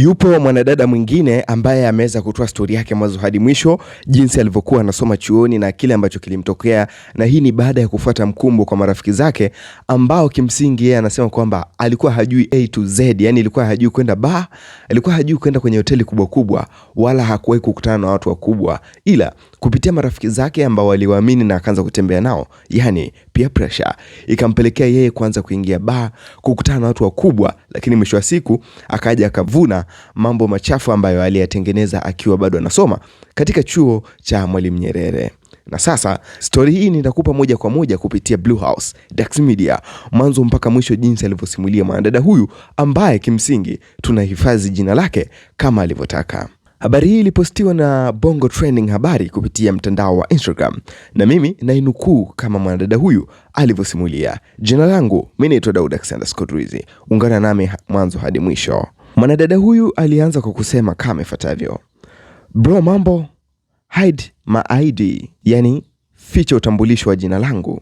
Yupo mwanadada mwingine ambaye ameweza kutoa stori yake mwanzo hadi mwisho, jinsi alivyokuwa anasoma chuoni na kile ambacho kilimtokea, na hii ni baada ya kufuata mkumbo kwa marafiki zake, ambao kimsingi yeye anasema kwamba alikuwa hajui A to Z, yani ilikuwa hajui kwenda ba, alikuwa hajui kwenda kwenye hoteli kubwa kubwa, wala hakuwahi kukutana na watu wakubwa, ila kupitia marafiki zake ambao waliwaamini na akaanza kutembea nao, yani pia pressure ikampelekea yeye kuanza kuingia baa, kukutana na watu wakubwa, lakini mwisho wa siku akaja akavuna mambo machafu ambayo aliyatengeneza akiwa bado anasoma katika chuo cha Mwalimu Nyerere na sasa stori hii nitakupa moja kwa moja kupitia Blue House Dax Media, mwanzo mpaka mwisho, jinsi alivyosimulia mwanadada huyu ambaye kimsingi tunahifadhi jina lake kama alivyotaka. Habari hii ilipostiwa na Bongo Trending habari kupitia mtandao wa Instagram, na mimi nainukuu kama mwanadada huyu alivyosimulia. Jina langu mimi naitwa Daud Alexander Scott Rizzi, ungana nami mwanzo hadi mwisho. Mwanadada huyu alianza kwa kusema kama ifuatavyo: bro, mambo hide my ID, yani ficha utambulisho wa jina langu.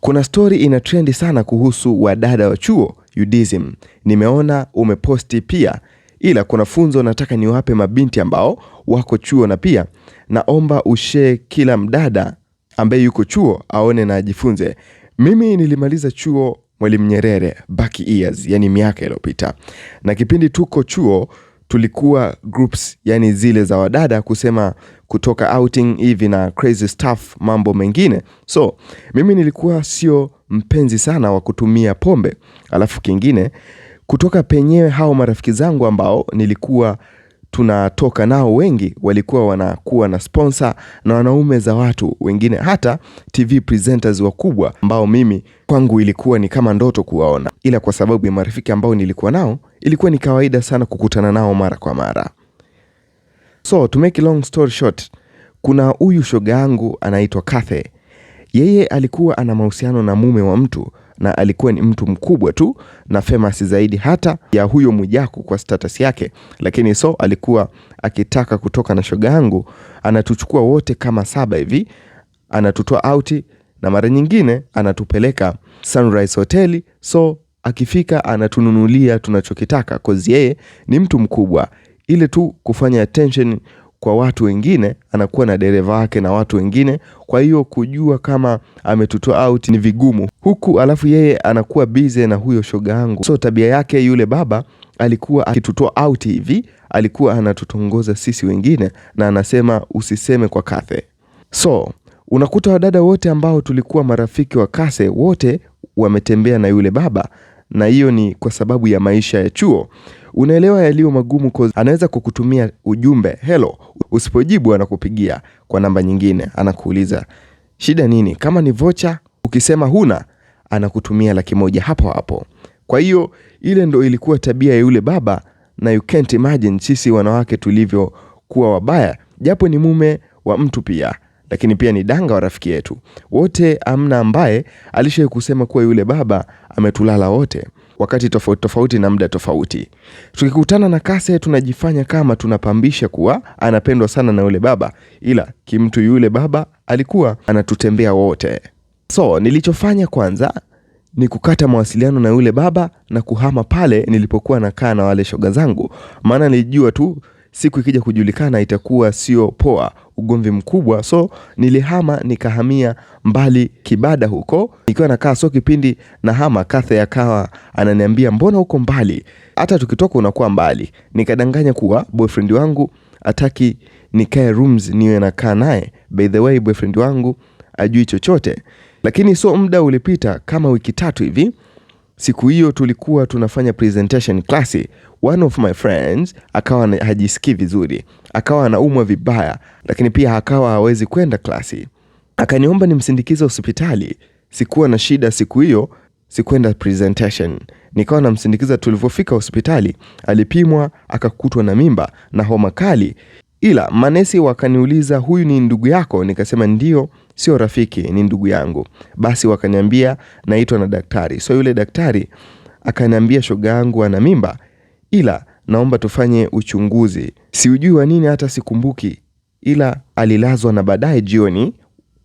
Kuna stori ina trendi sana kuhusu wadada wa chuo UDSM, nimeona umeposti pia ila kuna funzo nataka niwape mabinti ambao wako chuo, na pia naomba ushee kila mdada ambaye yuko chuo aone na ajifunze. Mimi nilimaliza chuo Mwalimu Nyerere back years, yani miaka iliyopita, na kipindi tuko chuo tulikuwa groups yani zile za wadada kusema kutoka outing hivi na crazy stuff mambo mengine. So mimi nilikuwa sio mpenzi sana wa kutumia pombe, alafu kingine kutoka penyewe hao marafiki zangu ambao nilikuwa tunatoka nao wengi walikuwa wanakuwa na sponsor na wanaume za watu wengine, hata TV presenters wakubwa ambao mimi kwangu ilikuwa ni kama ndoto kuwaona, ila kwa sababu ya marafiki ambao nilikuwa nao ilikuwa ni kawaida sana kukutana nao mara kwa mara. So to make a long story short, kuna huyu shoga yangu anaitwa Kathe, yeye alikuwa ana mahusiano na mume wa mtu na alikuwa ni mtu mkubwa tu na famous zaidi hata ya huyo Mwijaku kwa status yake, lakini so alikuwa akitaka kutoka na shoga yangu, anatuchukua wote kama saba hivi, anatutoa auti na mara nyingine anatupeleka Sunrise Hotel. So akifika anatununulia tunachokitaka, cause yeye ni mtu mkubwa, ile tu kufanya attention kwa watu wengine, anakuwa na dereva wake na watu wengine, kwa hiyo kujua kama ametutoa out ni vigumu huku, alafu yeye anakuwa bize na huyo shoga yangu. So tabia yake yule baba alikuwa akitutoa out hivi, alikuwa anatutongoza sisi wengine, na anasema usiseme kwa Kathe. So unakuta wadada wote ambao tulikuwa marafiki wa Kase wote wametembea na yule baba, na hiyo ni kwa sababu ya maisha ya chuo unaelewa yaliyo magumu cause anaweza kukutumia ujumbe hello, usipojibu anakupigia kwa namba nyingine, anakuuliza shida nini? Kama ni vocha ukisema huna, anakutumia laki moja hapo hapo. Kwa hiyo ile ndo ilikuwa tabia ya yule baba, na you can't imagine sisi wanawake tulivyokuwa wabaya, japo ni mume wa mtu pia lakini pia ni danga wa rafiki yetu. Wote amna ambaye alishawahi kusema kuwa yule baba ametulala wote wakati tofauti tofauti na muda tofauti. Tukikutana na Kase tunajifanya kama tunapambisha kuwa anapendwa sana na yule baba, ila kimtu yule baba alikuwa anatutembea wote. So nilichofanya kwanza ni kukata mawasiliano na yule baba na kuhama pale nilipokuwa nakaa na wale shoga zangu, maana nilijua tu siku ikija kujulikana itakuwa sio poa, ugomvi mkubwa. So nilihama nikahamia mbali Kibada huko nikiwa nakaa. So kipindi na hama, Kathe akawa ananiambia mbona huko mbali, hata tukitoka unakuwa mbali. Nikadanganya kuwa boyfriend wangu ataki nikae rooms niwe nakaa naye, by the way boyfriend wangu ajui chochote, lakini so muda ulipita kama wiki tatu hivi Siku hiyo tulikuwa tunafanya presentation klasi, one of my friends akawa hajisikii vizuri, akawa anaumwa vibaya, lakini pia akawa hawezi kwenda klasi. Akaniomba nimsindikize hospitali. Sikuwa na shida siku hiyo, sikwenda presentation, nikawa namsindikiza. Tulivyofika hospitali, alipimwa akakutwa na mimba na homa kali ila manesi wakaniuliza huyu ni ndugu yako? Nikasema ndio, sio rafiki, ni ndugu yangu. Basi wakaniambia naitwa na daktari. So yule daktari akaniambia shoga yangu ana mimba, ila naomba tufanye uchunguzi. Siujui wa nini, hata sikumbuki, ila alilazwa na baadaye jioni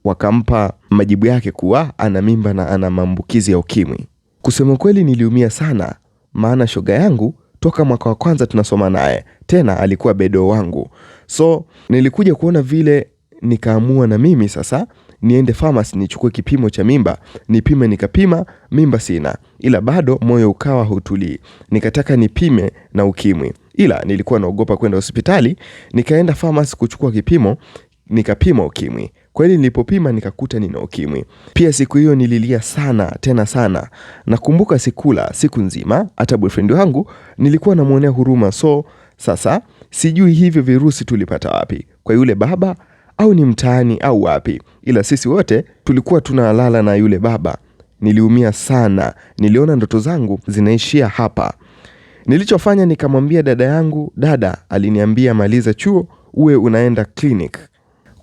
wakampa majibu yake kuwa ana mimba na ana maambukizi ya ukimwi. Kusema kweli, niliumia sana, maana shoga yangu toka mwaka wa kwanza tunasoma naye tena alikuwa bedo wangu. So nilikuja kuona vile, nikaamua na mimi sasa niende famasi nichukue kipimo cha mimba nipime. Nikapima, mimba sina, ila bado moyo ukawa hutulii. Nikataka nipime na ukimwi, ila nilikuwa naogopa kwenda hospitali. Nikaenda famasi kuchukua kipimo, nikapima ukimwi. Kweli nilipopima nikakuta nina ukimwi. Pia siku hiyo nililia sana tena sana. Nakumbuka sikula siku nzima, hata boyfriend wangu nilikuwa namwonea huruma so sasa sijui hivyo virusi tulipata wapi, kwa yule baba au ni mtaani au wapi, ila sisi wote tulikuwa tunalala na yule baba. Niliumia sana, niliona ndoto zangu zinaishia hapa. Nilichofanya nikamwambia dada yangu. Dada aliniambia maliza chuo uwe unaenda clinic.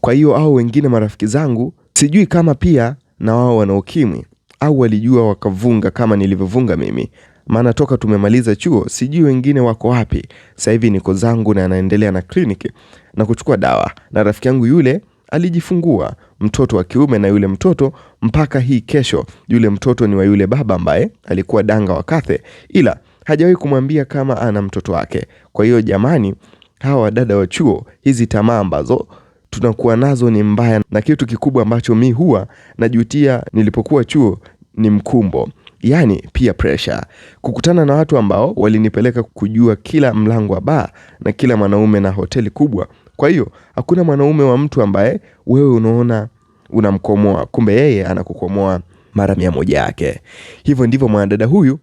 Kwa hiyo au wengine marafiki zangu sijui kama pia na wao wana ukimwi au walijua wakavunga kama nilivyovunga mimi maana toka tumemaliza chuo sijui wengine wako wapi. Sasa hivi niko zangu na naendelea na kliniki na kuchukua dawa, na rafiki yangu yule alijifungua mtoto wa kiume, na yule mtoto mpaka hii kesho, yule mtoto ni wa yule baba ambaye alikuwa danga wa Kathe, ila hajawahi kumwambia kama ana mtoto wake. Kwa hiyo jamani, hawa wadada wa chuo, hizi tamaa ambazo tunakuwa nazo ni mbaya, na kitu kikubwa ambacho mi huwa najutia nilipokuwa chuo ni mkumbo yani peer pressure, kukutana na watu ambao walinipeleka kujua kila mlango wa baa na kila mwanaume na hoteli kubwa. Kwa hiyo hakuna mwanaume wa mtu ambaye wewe unaona unamkomoa, kumbe yeye anakukomoa mara mia moja yake. Hivyo ndivyo mwanadada huyu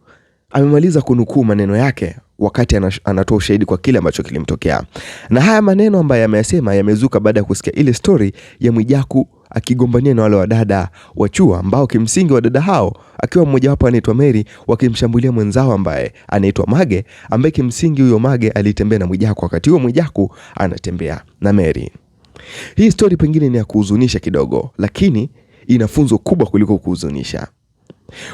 amemaliza kunukuu maneno yake wakati anatoa ushahidi kwa kile ambacho kilimtokea, na haya maneno ambayo ameyasema yamezuka baada ya kusikia ile stori ya Mwijaku akigombania na wale wadada wa chuo ambao kimsingi wadada hao akiwa mmojawapo anaitwa Mary wakimshambulia mwenzao ambaye anaitwa Mage ambaye kimsingi huyo Mage alitembea na Mwijaku wakati huo Mwijaku anatembea na Mary. Hii story pengine ni ya kuhuzunisha kidogo, lakini ina funzo kubwa kuliko kuhuzunisha.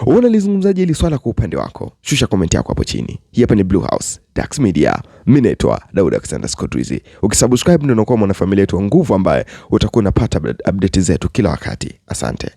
Unalizungumzaje hili swala kwa upande wako? Shusha komenti yako hapo chini. Hii hapa ni Blue House Dax Media, mi naitwa Daud Alexander Scodrizi. Ukisubscribe ndio unakuwa mwanafamilia yetu wa nguvu, ambaye utakuwa unapata update zetu kila wakati. Asante.